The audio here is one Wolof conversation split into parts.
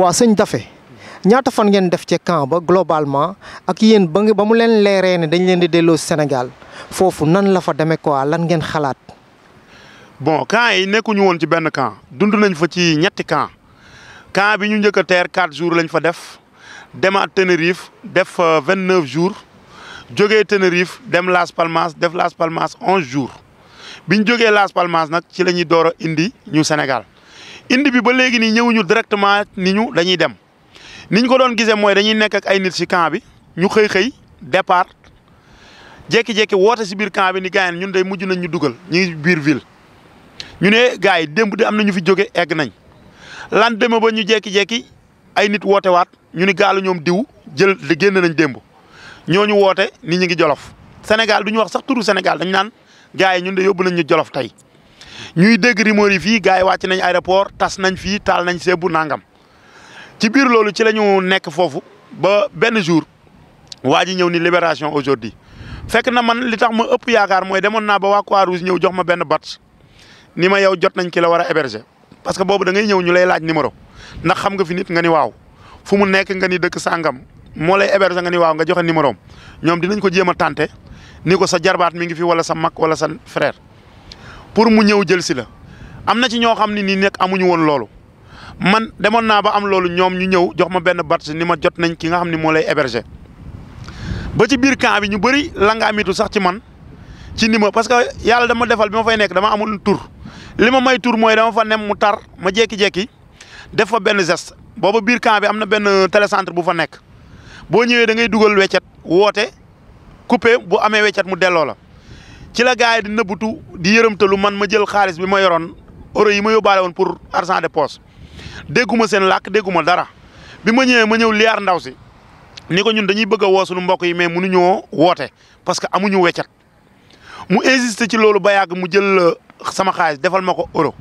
waa sëñ Dafe ñaata fan ngeen def ce camp ba globalement ak yéen ba ba mu leen leeree ne dañ leen di delloo Sénégal foofu nan la fa demee quoi lan ngeen xalaat. bon camp yi nekkuñu woon ci benn camp dund nañ fa ci ñetti camp camp bi ñu njëkk a teer quatre jours lañ fa def demaat Tenerife def fa vingt neuf jours jógee Tenerife dem Las Palmas def Las Palmas onze jours ñu jógee Las Palmas nag ci la ñuy door a indi ñu Sénégal. indi bi ba léegi nii ñëwuñu directement ni ñu dañuy dem ni ñu ko doon gisee mooy dañuy nekk ak ay nit si camp bi ñu xëy xëy départ jékki-jékki woote si biir camp bi ni gars yi ñun day mujj nañ ñu dugal ñu ngi biir ville. ñu ne gars yi démb de am na ñu fi jóge egg nañ lan demee ba ñu jékki-jékki ay nit woote waat ñu ni gaalu ñoom diw jël di génn nañ démb ñu woote ni ñu ngi jolof Sénégal du ñu wax sax turu Sénégal dañ naan gars yi ñun de yóbbu nañ ñu jolof tey. ñuy dégg rumeur yi fii gars yi wàcc nañ aéroport tas nañ fii taal nañ seebu nangam ci biir loolu ci la nekk foofu ba benn jour waa ji ñëw ni libération aujourd'hui fekk na man li tax ma ëpp yaakaar mooy demoon naa ba waa Croix-Rouge ñëw jox ma benn batch ni ma yow jot nañ ki la war a héberger parce que boobu da ngay ñëw ñu lay laaj numéro ndax xam nga fi nit nga ni waaw fu mu nekk nga ni dëkk sa sàngam moo lay héberger nga ni waaw nga joxe numéro ñoom dinañ ko jéem a tànte ni ko sa jarbaat mi ngi fi wala sa mag wala sa frère pour mu ñëw jël si la am na ci ñoo xam ne nii nekk amuñu woon loolu man demoon naa ba am loolu ñoom ñu ñëw jox ma benn bàtt ni ma jot nañ ki nga xam ni moo lay héberger ba ci biir camp bi ñu bëri la nga sax ci man ci ni ma parce que yàlla dama defal bi ma fay nekk dama amul tur li ma may tur mooy dama fa nem mu tar ma jékki-jékki def fa benn gest booba biir camp bi am na benn télécentre bu fa nekk boo ñëwee da ngay dugal weccet woote coupé bu amee weccet mu delloo la. ci la gars yi di nëbbutu di yërëmtalu man ma jël xaalis bi ma yoroon euro yi ma yóbbaale woon pour argent de poche dégguma seen làkk dégguma dara bi ma ñëwee ma ñëw liyaar ndaw si ni ko ñun dañuy bëgg a woo suñu mbokk yi mais mënuñoo woote parce que amuñu weccat mu insisté ci loolu ba yàgg mu jël euh, sama xaalis defal ma ko euro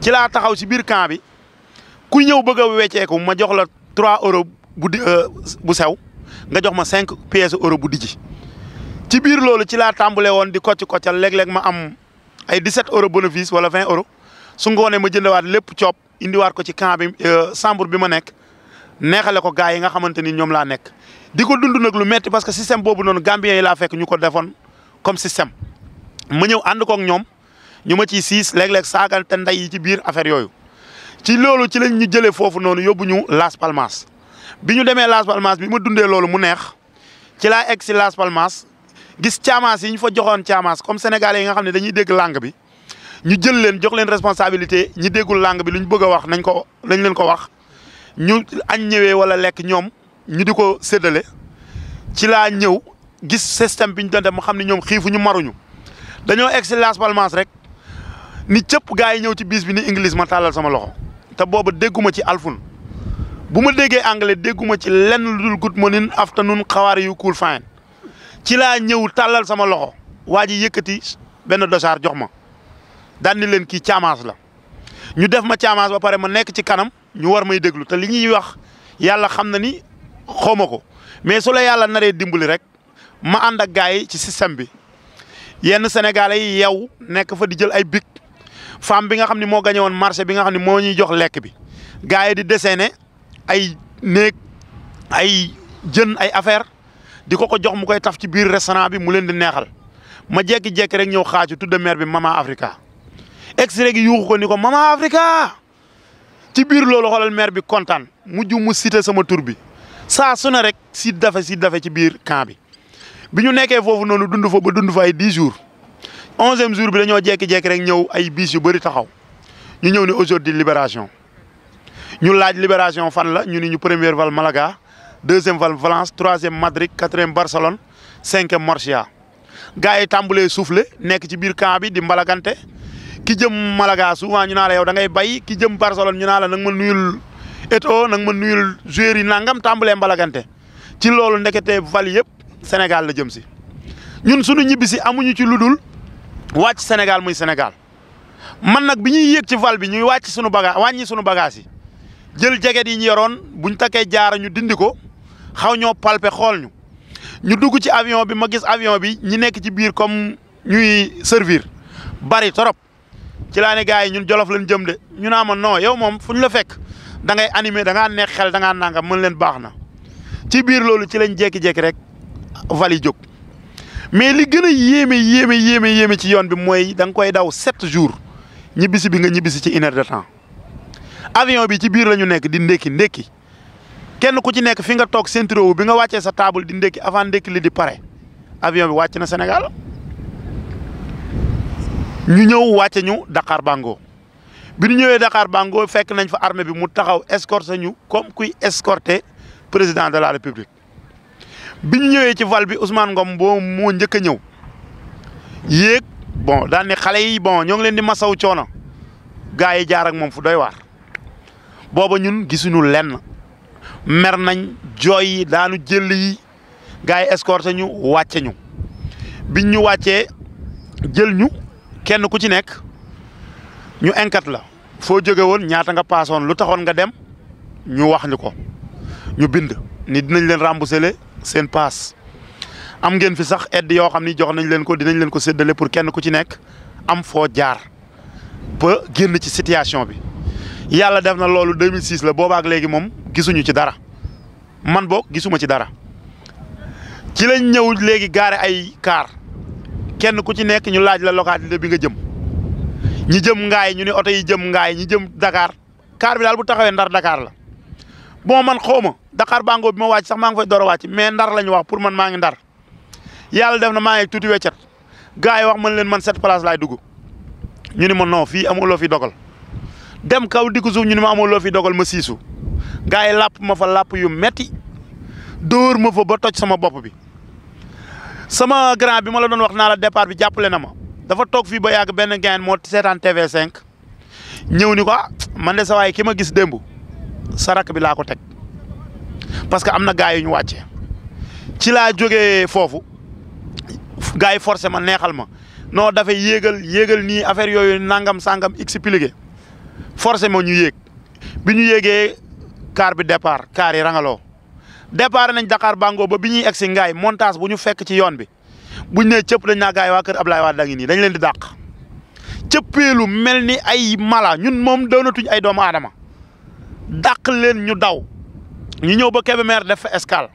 ci laa taxaw si biir camp bi ku ñëw bëgg a wecceeku ma jox la trois euro bu di euh, bu sew nga jox ma 5 pièces euro bu dijji ci biir loolu ci laa tàmbale woon di kocc koccal léeg-léeg ma am ay 17 euros bénéfice wala 20 euros su ngoonee ma jëndewaat lépp coob indiwaat ko ci camp bi euh, chambre bi ma nekk neexale ko gars yi nga xamante ni ñoom laa nekk. di ko dund nag lu metti parce que système boobu noonu Gambien yi laa fekk ñu ko defoon comme système ma ñëw ànd kook ñoom ñu ma ciy siis léeg-léeg saagante ndey yi ci biir affaire yooyu ci loolu ci lañ ñu jëlee foofu noonu yóbbu ñu Las Palmas bi ñu demee Las Palmas bi ma dundee loolu mu neex ci laa egg si Las Palmas gis caamaas yi ñu fa joxoon caamaas comme sénégalais yi nga xam ne dañuy dégg langue bi ñu jël leen jox leen responsabilité ñi déggul langue bi lu ñu bëgg a wax nañ ko nañ leen ko wax ñu añ ñëwee wala lekk ñoom ñu di ko séddale ci laa ñëw gis système bi ñu doon def mu xam ne ñoom ñu maruñu dañoo excelence si rek ni cëpp gars yi ñëw ci bis bi ni English ma tàllal sama loxo te booba dégguma ci alfun bu ma déggee anglais dégguma ci lenn lu dul good morning afternoon how are you cool fine ci la ñew talal sama loxo waji yëkëti ben dossier jox ma dal ni leen ki caamaas la ñu def ma caamaas ba pare ma nekk ci kanam ñu war may dégglu té li ñi wax yalla xamna ni xomako mais su la yalla naré dimbali rek ma and ak gaay ci système bi yenn sénégalais yow nekk fa di jël ay bik fam bi nga xamni mo gagné won marché bi nga xamni mo ñuy jox bi gaay di dessiné ay nek ay jeun ay affaire di ko jox mu koy taf ci biir restaurant bi mu leen di neexal ma jékki-jékki rek ñëw xaaju tudde mère bi mama Africa. extrait gi yuuxu ko ni ko mama Africa ci biir loolu xoolal mère bi kontaan mujj mu cité sama tur bi saa su rek si dafe si dafe ci biir camp bi bi ñu nekkee foofu noonu dund fa ba dund fa ay dix jours onzième jour bi dañoo jékki-jékki rek ñëw ay bis yu bëri taxaw ñu ñëw ni aujourd'hui libération ñu laaj libération fan la ñu ni ñu première val Malaga. deuxième Valence troisième Madrid quatrième Barcelone cinquième Murcia gars yi tàmbalee soufflé nek ci biir camp bi di mbalagante ki jëm Malaga souvent ñu naa la yow da ngay bay ki jëm Barcelone ñu naa la nag ma nuyul Eto, nak ma nuyul joueur yi nangam tàmbalee mbalagante ci lolu ndekete val yëpp Sénégal la jëm ci. ñun suñu ñibbisi amuñu ci luddul wacc Sénégal muy Sénégal man nak biñuy ñuy ci val bi ñuy wacc suñu bagage wañi suñu bagage yi jël jaget yi ñu yoron buñ takkee jaar ñu dindiko xaw ñoo palper xool ñu ñu dugg ci avion bi ma gis avion bi ñu nekk ci biir comme ñuy servir bari torop ci laa ne gars yi ñun jolof lañ jëm de ñu naa ma noo yow moom fu ñu la fekk da ngay animé da ngaa neex xel da ngaa mën leen baax na ci biir loolu ci lañ jékki-jékki rek vali jóg mais li gën a yéeme yéeme yéeme yéeme ci yoon bi mooy da nga koy daw sept jours ñibbisi bi nga ñibbisi ci une heure de temps avion bi ci biir la ñu nekk di ndékki ndékki. kenn ku ci nekk fi nga toog centre bi nga wàccee sa table di ndékki avant ndékki li di pare avion bi wàcc na Sénégal ñu ñëw wàcce ñu Dakar Bango bi ñu ñëwee Dakar Bango fekk nañ fa armée bi mu taxaw escorter ñu comme kuy escorter président de la République bi ñu ñëwee ci val bi Ousmane Ngom boo moo njëkk a ñëw yéeg bon daan xale yi bon ñoo ngi leen di masaw coono gars yi jaar ak moom fu doy waar booba ñun gisuñu lenn. mer nañ jooy yi daanu jël yi gars yi escorté ñu wàcce ñu biñ ñu wàccee jël ñu kenn ku ci nekk ñu enquête la foo jóge woon ñaata nga paasoon lu taxoon nga dem ñu wax ñu ko ñu bind ni dinañ leen remboursé seen paas am ngeen fi sax aide yoo xam ni jox nañ leen ko dinañ leen ko séddale pour kenn ku ci nekk am foo jaar ba génn ci situation bi yàlla def na loolu 2006 la boobaak léegi moom gisuñu ci dara man bok gisuma ci dara ci lañ ñew légui garé ay car kenn ku ci nekk ñu laaj la localité bi nga jëm ñi jëm ngaay ñu ni auto yi jëm ngaay ñi jëm dakar car bi dal bu taxawé ndar dakar la bon man xawma dakar bango bi ma wacc sax ma ngi fay doro wacc mais ndar lañ wax pour man ma ngi ndar yalla def na ma ngi tuti wéccet gaay wax man leen man cette place lay dugg ñu ni ma non fi amul lo fi dogal dem kaw di ko suuf ñu ne ma amoo loo fi dogal ma siisu gars yi làpp ma fa làpp yu metti dóor ma fa ba toj sama bopp bi sama grand bi ma la doon wax naa la départ bi jàppale na ma dafa toog fii ba yàgg benn gain moo seetaan tv cinq ñëw ni ko ah, man de sa ki ma gis démb sa rakk bi laa ko teg parce que am na gars yu ñu wàcce ci laa jóge foofu gars yi forcé ma neexal ma noo dafay yéegal yéegal nii affaire yooyu nangam sangam expliqué forcé ma ñu yéeg bi ñu yéegee car bi départ car yi rangaloo départ nañ Dakar Bango ba bi ñuy egg si montage bu ñu fekk ci yoon bi buñ nee cëpp dañ naa gaay waa kër Ablaye Wade da ngi nii dañ leen di dàq cëppeelu mel ni ay mala ñun moom doonatuñ ay doomu aadama dàq leen ñu daw ñu ñëw ba Kébémer def fa escale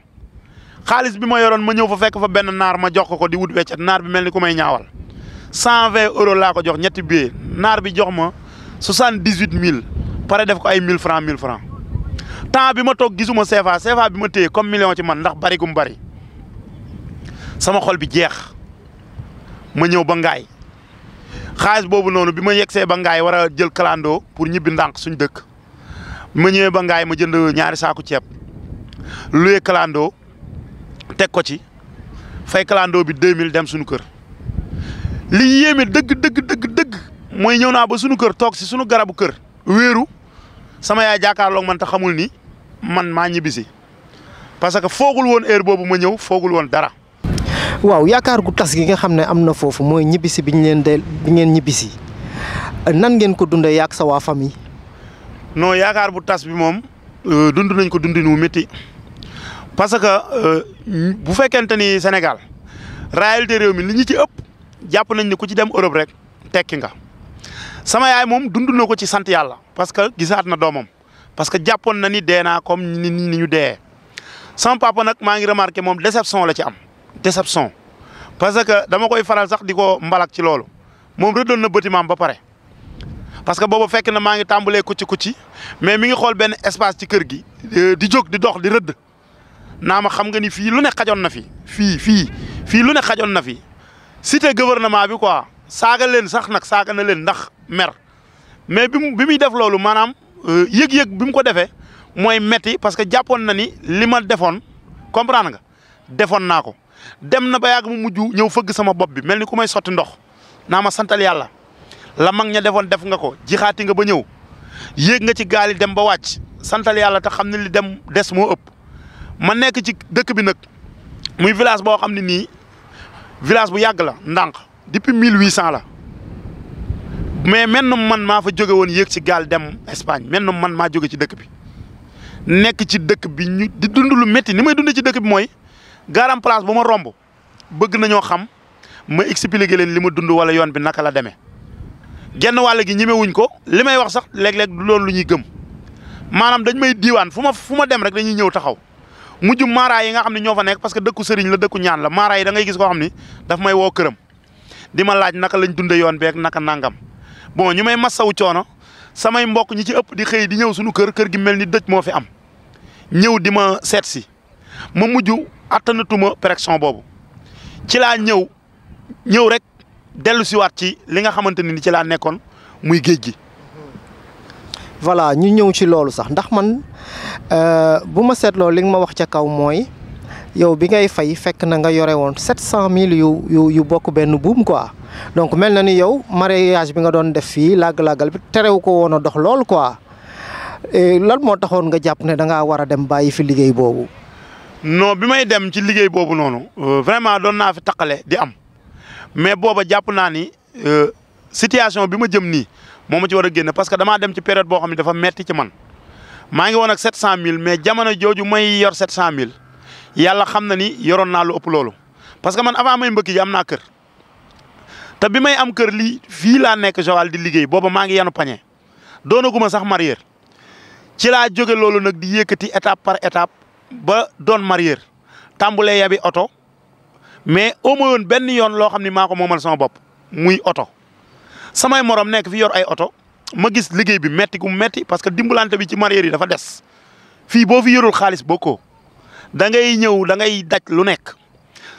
xaalis bi ma yoroon ma ñëw fa fekk fa benn naar ma jox ko ko di wut weccet naar bi mel ni ku may ñaawal cent vingt euros laa ko jox ñetti billet naar bi jox ma. soixante-dix-huit mille pare def ko ay mille franc mille franc temps bi ma toog gisuma CFA CFA bi ma téye comme million ci man ndax bari gum bari sama xol bi jeex ma ñëw ba ngaay xaalis boobu noonu bi ma yegsee ba ngaay war a jël kalandoo pour ñibbi ndànk suñ dëkk ma ñëwee ba ngaay ma jënd ñaari saaku ceeb luyee kalandoo teg ko ci fay kalandoo bi mille dem suñu kër li yéeme dëgg dëgg moy ñëw naa ba suñu kër tok ci suñu garabu kër wëru sama ya jàkkaarloog man ta xamul ni man ma ñibisi parce que fogul won heure bobu ma ñew fogul won dara. waaw yaakar gu tas gi nga xamne ne fofu moy ñibisi mooy leen del bi leen ñibisi nan ngeen ko dundé yaak sa wa fami non yaakar bu tas bi mom euh, dundu nañ ko dundinu metti parce que euh, bu fekkente ni Sénégal réalité réew mi li ñi ci ëpp japp nañ ni ku ci dem Europe rek tekki nga. sama yaay moom dund ko ci sant yàlla parce que gisaat na doomam parce que jàppoon na ni deena naa comme ni ni ñu dee sama papa nag maa ngi remarqué moom déception la ci am déception parce que dama koy faral sax di ko mbalak ci loolu moom rëddoon na bâtiment ba pare. parce que boobu fekk na maa ngi tàmbalee kucci kucci mais mi ngi xool benn espace ci kër gi euh, di jóg di dox di rëdd naa ma xam nga ni fii lu ne xajoon na fi fii fii fii lu ne xajoon na fi cité gouvernement bi quoi saaga leen sax nag saaga na leen ndax. mer mais bi mu bi muy def loolu maanaam euh, yëg-yëg bi mu ko defee mooy metti parce que jàppoon na ni li ma defoon comprendre nga defoon naa ko dem na ba yàgg mu mujj ñëw fëgg sama bopp bi mel ni ku may sotti ndox naa ma santal yàlla la mag ña defoon def nga ko jixaati nga ba ñëw yéeg nga ci gaal dem ba wàcc santal yàlla te xam ne li dem des moo ëpp ma nekk ci dëkk bi nag muy village boo xam ne nii village bu yàgg la ndànk depuis mille huit cent la mais mennum man maa fa jóge woon yéeg ci gaal dem Espagne mennum man maa jóge ci dëkk bi nekk ci dëkk bi ñu di dund lu métti ni may dunde ci dëkk bi mooy garam place bu ma romb bëgg nañoo xam ma expliquer leen li ma dund wala yoon bi naka la demee genn wàll gi ñemewuñ ko li may wax sax léeg-léeg loolu lu ñuy gëm maanaam dañ may diwaan fu ma fu ma dem rek dañuy ñëw taxaw mujj maara yi nga xam ne ñoo fa nekk parce que dëkku sëriñ la dëkku ñaan la maara yi da ngay gis koo xam ni daf may woo këram di ma laaj naka lañ dundee yoon beeg naka nangam bon ñu may massawu sama samay mbokk ñi ci ëpp di xey di ñew suñu kër kër gi melni ni mo fi am ñew di ma seet ma muju atanatuma pression bobu ci la ñew ñew rek ci wat ci li nga xamanteni ci la nekkon muy géej gi voilà ñu ñew ci loolu sax ndax man euh, buma ma lo li nga wax ci kaw moy yow bi ngay fay fekk na nga yoré won 700000 yu yu yu benn quoi donc mel na ni yow mareyage bi nga doon def fii làgg-làggal bi terew ko woon a dox lool quoi lan moo taxoon nga jàpp ne da ngaa war a dem bàyyi fi liggéey boobu. non bi may dem ci liggéey boobu noonu. Euh, vraiment doon naa fi taqale di am mais booba jàpp naa ni euh, situation bi ma jëm nii moo ma ci war a génn parce que damaa dem ci période boo xam ne dafa metti ci man maa ngi woon ak 700000 mais jamono jooju may yor mille yàlla xam na ni yoroon naa lu ëpp loolu parce que man avant may mbëkk am naa kër. té bi may am kër li fi la nek Joal di liggéey bobu ma ngi yanu pañe donaguma sax marier ci la joggé lolu nak di yëkkati étape par étape ba don marier tàmbulee yabi auto mais me moins yoon loo xam ni xamni mako momal sama bop muy auto. samay morom nek fi yor ay auto, ma gis liggéey bi metti gu metti parce que dimbulanté bi ci marier yi dafa dess fi bo fi yorul xaalis boko da ngay ñëw da ngay daj lu nek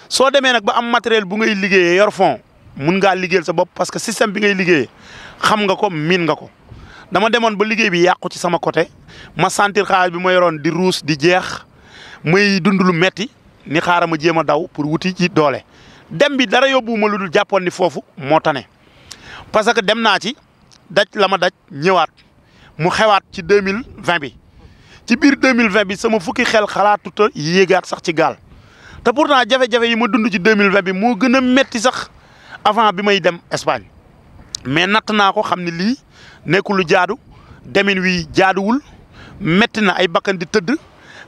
so démé nak ba am matériel bu ngay liggéey yor fond mun ngaa liggéeyal sa bopp parce que système bi ngay liggéeyee xam nga ko miin nga ko dama demoon ba liggéey bi yàqu ci sama côté ma sentir xaalis bi ma yoroon di ruus di jeex muy dund lu metti ni xaaral ma jéem a daw pour wuti ci doole. dem bi dara yóbbu ma lu dul jàppoon ni foofu moo tane parce que dem naa ci daj la ma daj ñëwaat mu xewaat ci deux mille vingt bi ci biir deux mille vingt bi sama fukki xel xalaatut a yéegaat sax ci gaal te pourtant jafe-jafe yi ma dund ci deux mille bi moo gën a metti sax. avant bi may dem Espagne mais natt naa ko xam ne lii nekkul lu jaadu demin wi jaaduwul metti na ay bakkan di tëdd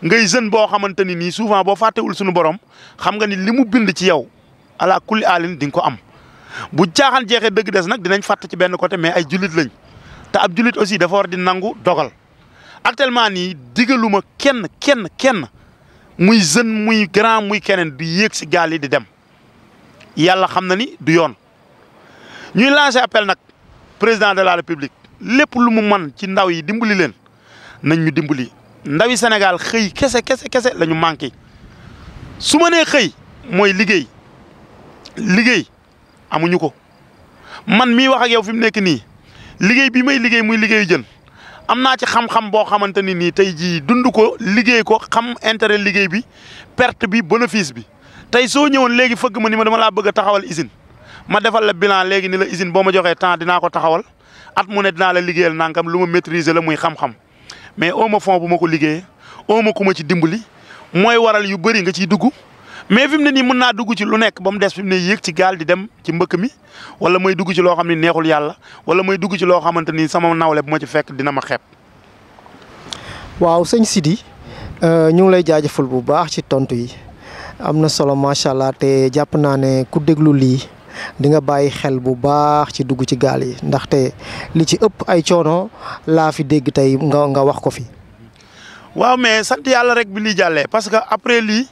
ngay jeune boo xamante ni nii souvent boo fàttewul suñu borom xam nga ni li mu bind ci yow ala kulli alin di nga ko am. bu caaxaan jeexee dëgg des nag dinañ fàtt ci benn côté mais ay jullit lañ te ab jullit aussi dafa war di nangu dogal actuellement nii digaluma kenn kenn kenn muy jeune muy grand muy keneen di yéeg si gaal yi di dem. yàlla xam na ni du yoon ñuy lancé appel nag président de la république lépp lu mu man ci ndaw yi dimbali leen nañ ñu dimbali ndawi Sénégal xëy kese kese kese lañu ñu manqué su ma nee xëy mooy liggéey liggéey amuñu ko man mii wax ak yow fi mu nekk nii liggéey bi may liggéey muy liggéeyu jën am naa ci xam-xam boo xamante ni nii tey jii dund ko liggéey ko xam intérêt liggéey bi perte bi bénéfice bi. tey soo ñëwoon léegi fëgg ma ni ma dama laa bëgg taxawal usine ma defal la bilan léegi ni la usine boo ma joxee temps dinaa ko taxawal at mu ne dinaa la liggéeyal nangam lu ma maîtriser la muy xam-xam mais oo ma fond bu ma ko liggéeyee oo ma ku ma ci dimbali mooy waral yu bëri nga ciy dugg mais fi mu ne nii mën naa dugg ci lu nekk ba mu des fi mu ne yéeg ci gaal di dem ci mbëkk mi wala may dugg ci loo xam ne neexul yàlla wala may dugg ci loo xamante ni sama nawle bu ma ci fekk dina ma xeeb. waaw sëñ Sidi euh, ñu ngi lay jaajëfal bu baax ci tontu yi. am na solo macha allah te jàpp naa ne ku déglu lii di nga bàyyi xel bu baax ci dugg ci gaal yi ndaxte li ci ëpp ay coono laa fi dégg tey nga nga wax ko fi. waaw mais sant yàlla rek bi lii jàllee parce que après lii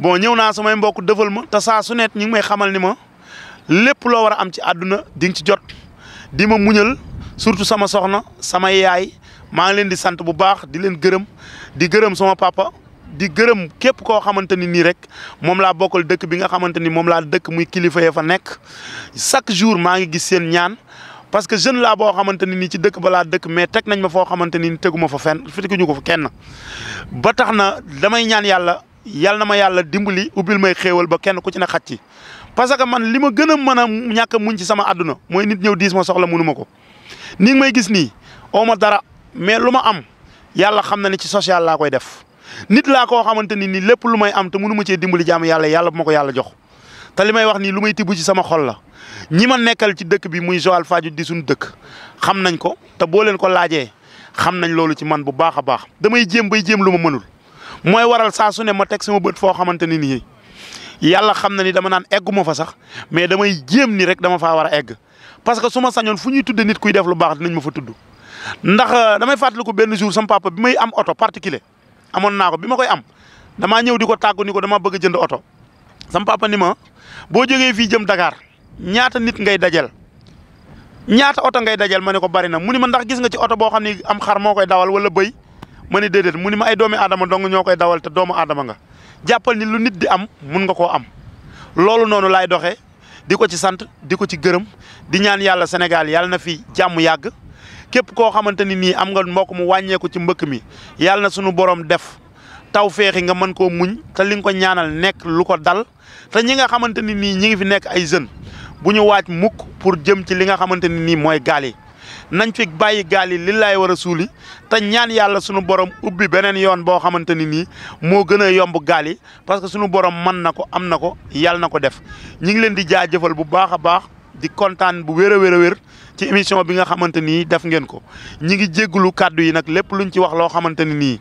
bon ñëw naa samay mbokk defal ma te saa su nekk ñu ngi may xamal ni ma lépp loo war a am ci àdduna di nga ci jot di ma muñal surtout sama soxna sama yaay maa ngi leen di sant bu baax di leen gërëm di gërëm sama papa. di gërëm képp koo xamante ni nii rek moom laa bokkal dëkk bi nga xamante ni moom laa dëkk muy kilifa ya fa nekk chaque jour maa ngi gis seen ñaan parce que jeune laa boo xamante ni nii ci dëkk ba laa dëkk mais teg nañ ma foo xamante ni teguma fa fenn ñu ko fa kenn ba tax na damay ñaan yàlla yàlla na ma yàlla dimbali ubbil may xéewal ba kenn ku ci ne xaj ci parce que man li ma gën a mën a ñàkk muñ ci sama àdduna mooy nit ñëw diis ma soxla munuma ko ni may gis nii oo ma dara mais lu ma am yàlla xam na ne ci social laa koy def nit laa ko xamante ni nii lépp lu may am te mënu cee dimbali jaamu yàlla yàlla bu ma ko yàlla jox te li may wax nii lu may tibb ci sama xol la ñi ma nekkal ci dëkk bi muy Joal Fadiouth di suñu dëkk xam nañ ko te boo leen ko laajee xam nañ loolu ci man bu baax a baax damay jéem bay jéem lu ma mënul mooy waral saa ne ma teg sama bët foo xamante ni nii yàlla xam na ni dama naan egguma fa sax mais damay jéem ni rek dama faa war a egg parce que su sañoon fu ñuy tudde nit kuy def lu baax dinañ ma fa tudd ndax damay fàttaliku benn jour sama papa bi may am oto particulier amoon naa ko bi ma koy am damaa ñëw di ko tàggu ni ko dama bëgg jënd oto sam papa ni ma boo jógee fii jëm Dakar ñaata nit ngay dajal ñaata oto ngay dajal ma ne ko bari na mu ni ma ndax gis nga ci oto boo xam ne am xar moo koy dawal wala bëy ma ne déedéet mu ni ma ay doomi aadama dong ñoo koy dawal te doomu aadama nga jàppal ni lu nit di am mun nga koo am loolu noonu laay doxee di ko ci sant di ko ci gërëm di ñaan yàlla senegal yàlla na fi jàmm yàgg képp koo xamante ni nii am nga mbokk mu wàññeeku ci mbëkk mi yàlla na sunu borom def taw feexi nga mën koo muñ te li nga ko ñaanal nekk lu ko dal te ñi nga xamante ni nii ñi ngi fi nekk ay jeunes bu ñu waaj mukk pour jëm ci li nga xamante ni nii mooy gaal yi nañ fi bàyyi gaal yi li laay war a suuli te ñaan yàlla sunu borom ubbi beneen yoon boo xamante ni nii moo gën a yomb gaal yi parce que sunu borom mën na ko am na ko yàlla na ko def ñi ngi leen di jaajëfal bu baax a baax di kontaan bu wér a wér a wér ci émission bi nga xamante ni def ngeen ko ñi ngi jégglu kàddu yi nag lépp lu ñu ci wax loo xamante ni nii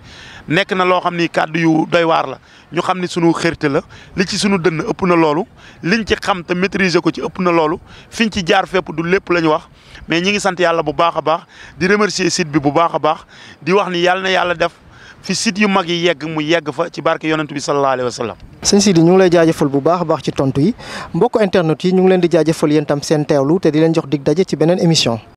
nekk na loo xam ni kàddu yu doy waar la ñu xam ni sunu xërte la li ci sunu dënn ëpp na loolu li ñu ci xam te maîtriser ko ci ëpp na loolu fi ñu ci jaar fépp du lépp la ñu wax mais ñi ngi sant yàlla bu baax a baax di remercier site bi bu baax a baax di wax ni yàlla na yàlla def fi site yu mag yi yegg mu yegg fa ci barke yonent bi sallallahu alayhi wa sallam. sëñ Sidi ñu ngi lay jaajëfal bu baax a baax ci tontu yi mbokk internet yi ñu ngi leen di jaajëfal yéen tam seen teewlu te di leen jox dig daje ci beneen émission.